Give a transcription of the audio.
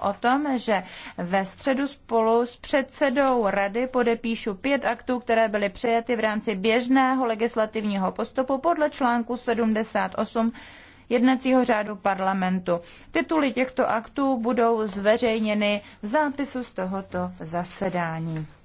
o tom, že ve středu spolu s předsedou rady podepíšu pět aktů, které byly přijaty v rámci běžného legislativního postupu podle článku 78 jednacího řádu parlamentu. Tituly těchto aktů budou zveřejněny v zápisu z tohoto zasedání.